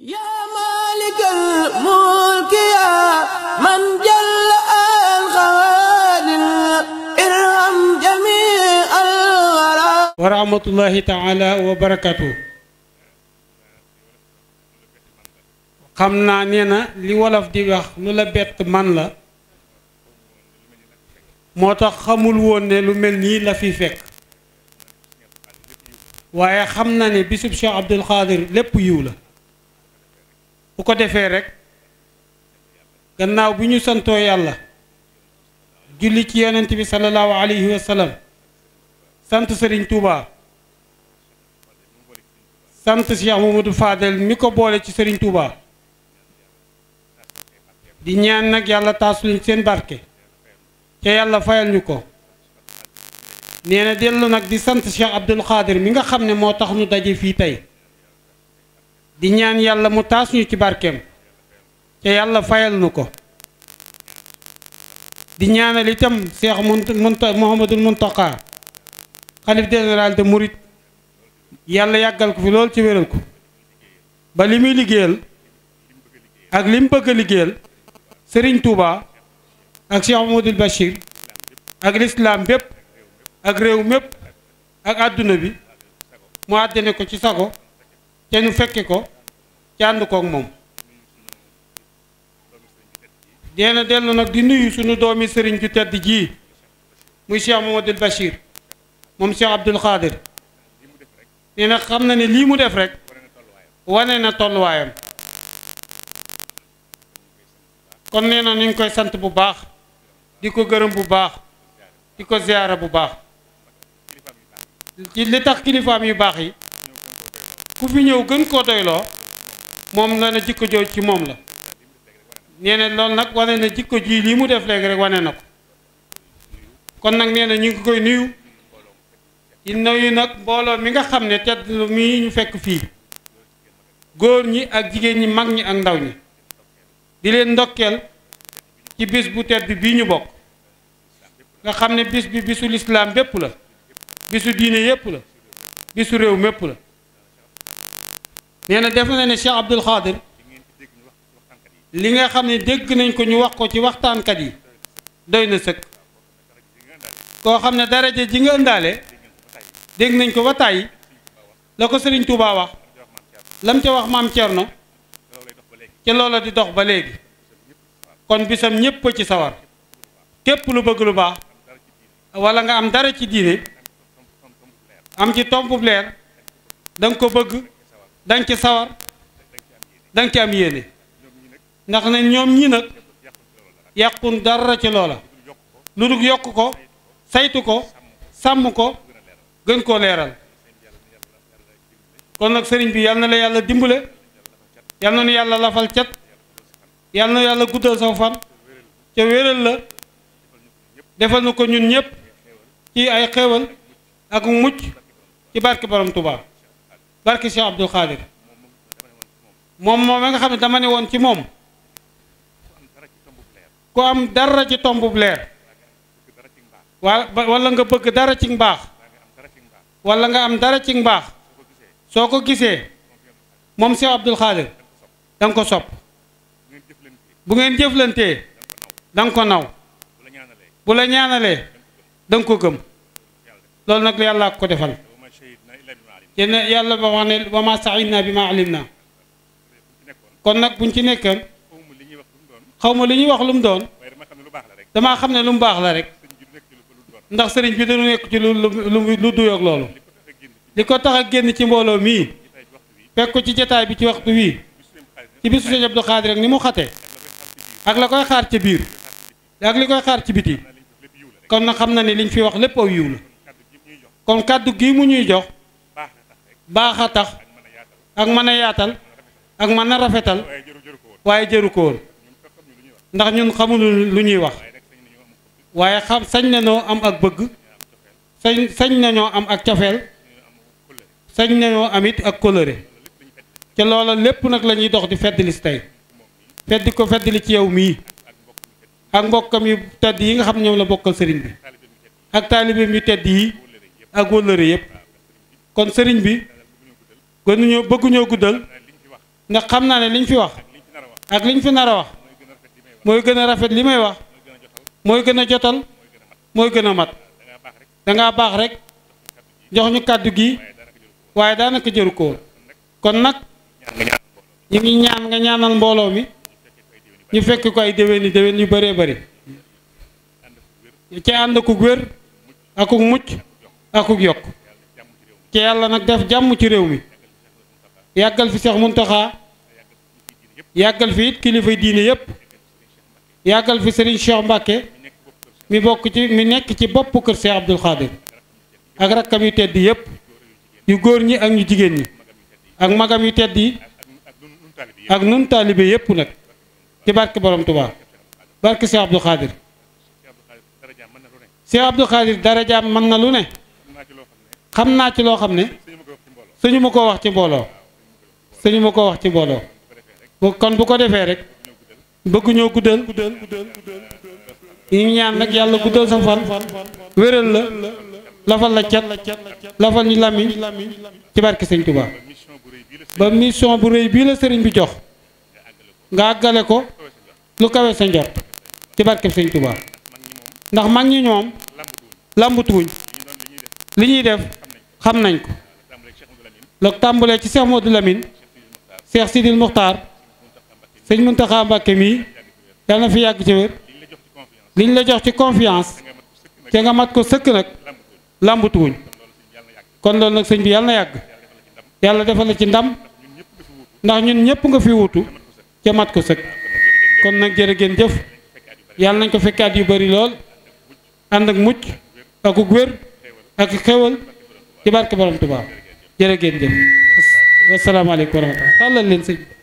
yaa maalikal mulki yaa man jalla al xawaadin jamii al waraa wa wa barakaatu xam naa nee li wolof di wax lu la bett man la moo tax xamul woon ne lu mel nii la fi fekk waaye xam na ne bisub Cheikh Abdul Xaadir lépp yiw la bu ko defee rek gannaaw bi ñu santoo yàlla julli ci yonent bi sallallahu alayhi wa sant Serigne Touba sant Cheikh Mamadou Fadel mi ko boole ci Serigne Touba di ñaan nag yàlla taasu seen barke ca yàlla fayal ñu ko nee na dellu nag di sant Cheikh Abdoul Khadir mi nga xam ne moo tax ñu daje fii tey di ñaan yàlla mu taas ñu ci barkeem te yàlla fayal nu ko di ñaanal itam seex munta Muhammadul Muntaqa xalif général de Mouride yàlla yàggal ko fi lool ci wéral ko ba li muy liggéeyal ak li mu bëgg a liggéeyal Serigne Touba ak Cheikh Mamadou Bachir ak lislaam bépp ak réew mépp ak àdduna bi mu àddane ko ci sago te nu fekke ko ci ànd koog moom dee na dellu nag di nuyu sunu doomi sëriñ ju tedd ji muy Cheikh Mamadou Bachir moom Cheikh Abdoul Khadir nee na xam na ne lii mu def rek wane na tolluwaayam kon nee na ñu koy sant bu baax di ko gërëm bu baax di ko ziyaara bu baax ci li tax kilifaam yu baax yi ku fi ñëw gën koo doyloo moom la ne jikko jooju ci moom la nee lool nag wane na jikko ji lii mu def léegi rek wane na ko kon nag nee na ñu ngi koy nuyu di nuyu nag mbooloo mi nga xam ne tedd mi ñu fekk fii góor ñi ak jigéen ñi mag ñi ak ndaw ñi di leen ndokkeel ci bis bu tedd bii ñu bokk nga xam ne bis bi bisu lislaam bépp la bisu diine yépp la bisu réew mépp la nee na def na ne Cheikh Abdoul Khadir li nga xam ne dégg nañ ko ñu wax ko ci waxtaankat yi doy na sëkk koo xam ne daraja ji nga ëndaale dégg nañ ko ba tàyyi la ko Serigne Touba wax lam ca wax maam Thierno ca loola di dox ba léegi kon bisam ñépp ci sawar képp lu bëgg lu baax wala nga am dara ci diine am ci tompu leer da ko bëgg danga ci sawar danga ci am yéene ndax ne ñoom ñii nag yàqun dara ci loola lu dul yokk ko saytu ko sàmm ko gën koo leeral kon nag sëriñ bi yal na la yàlla dimbale yal na nu yàlla lafal cat yal na yàlla guddal sa fan ca wéral la defal na ko ñun ñëpp ci ay xéewal ak mucc ci barke borom Tuubaa barke Cheikh Abdou Khadir moom moom nga xam ne dama ne woon ci moom ku am dara ci tomb leer wa wala nga bëgg dara ci mbaax wala nga am dara ci mbaax soo ko gisee moom Cheikh Abdou Khadir da ko sopp bu ngeen jëflantee da ko naw bu la ñaanalee da nga ko gëm loolu nag yàlla ko defal. yéen yàlla ba wax ne wa ma naa bi ma alim naa kon nag buñ ci nekkoon xaw ma li ñuy wax lu mu doon dama xam ne lu mu baax la rek ndax sëriñ bi dañu nekk ci lu lu lu duyoog loolu li ko tax a génn ci mbooloo mii fekk ci jataay bi ci waxtu wii ci bisu sëñ Abdou Khadre rek ni mu xate ak la koy xaar ca biir ak li koy xaar ci biti kon na xam na ne liñ fi wax lépp aw yiw la kon kàddu gii mu ñuy jox baax a tax ak mën a yaatal ak mën a rafetal waaye jëru ko ndax ñun xamul lu ñuy wax waaye xam sañ nañoo am ak bëgg sañ sañ nañoo am ak cofeel sañ nañoo am it ak coloré te loola lépp nag lañuy dox di feddli si tey feddi ko feddli ci yow mii ak mbokkam yu tedd yi nga xam ñoom la bokkal sëriñ bi ak taalibeem yu tedd yi ak wëllëre yépp kon sëriñ bi gënuñoo bëgguñoo guddal ndax xam naa ne liñ fi wax ak liñ fi nar a wax mooy gën a rafet li may wax mooy gën a jotal mooy gën a mat danga baax rek jox ñu kàddu gi waaye daanaka jëru ko kon nag ñu ngi ñaan nga ñaanal mbooloo mi ñu fekk ko ay déwéni déwén yu bëree bari ci ànd akuk wér akuk mucc akuk yokk ci yàlla nag def jàmm ci réew mi yàggal fi Cheikh Mountakha yàggal fi it kilifa diine yëpp yàggal fi Serigne Cheikh Mbacke mi bokk ci mi nekk ci bopp kër Cheikh Abdoul Khadir ak rakkam yu tedd yëpp yu góor ñi ak ñu jigéen ñi ak magam yu tedd yi ak nun taalibe yëpp nag ci barke borom Touba barke Cheikh Abdoul Khadir Cheikh Abdoul Khadir darajaam mën na lu ne xam naa ci loo xam ne suñu ma ko wax ci mbooloo sañu ma ko wax ci mbooloo kon bu ko defee rek bëgguñoo guddal guddal guddal ñu ñaan nag yàlla guddal sa fan wéral la lafal la cat lafal ñu làmmiñ ci barke sëñ Tuubaa ba mission bu rëy bii la sëriñ bi jox nga àggale ko lu kawe sa njot ci barke sëñ Tuubaa ndax mag ñi ñoom làmbutuwuñ li ñuy def xam nañ ko la tàmbulee ci Cheikh Modou Lamine Cheikh Sidil Muxtaar sëñ Muntaxa Mbàkke mii yàlla na fi yàgg ci wér liñ la jox ci confiance te nga mat ko sëkk nag làmbatuwuñ kon loolu nag sëñ bi yàlla na yàgg yàlla defal la ci ndam ndax ñun ñëpp nga fi wutu ca mat ko sëkk kon nag jërë ngeen jëf yàlla nañ ko fekkaat yu bari lool ànd ak mucc ak wér ak xéwal ci barke borom Tuubaa jërë ngeen jëf wasalaamaaleykum wa rahmatulah tàllal leen sëñ